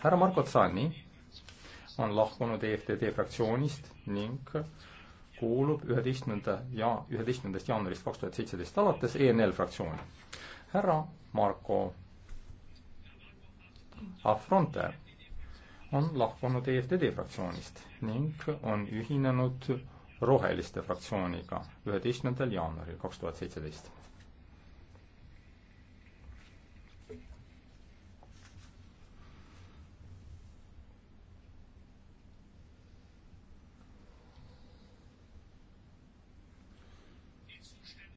härra Marko Tsani on lahkunud EFTD fraktsioonist ning kuulub üheteistkümnenda ja üheteistkümnendast jaanuarist kaks tuhat seitseteist alates ENL fraktsiooni. härra Marko Affronte on lahkunud EFTD fraktsioonist ning on ühinenud Roheliste fraktsiooniga üheteistkümnendal jaanuaril kaks tuhat seitseteist.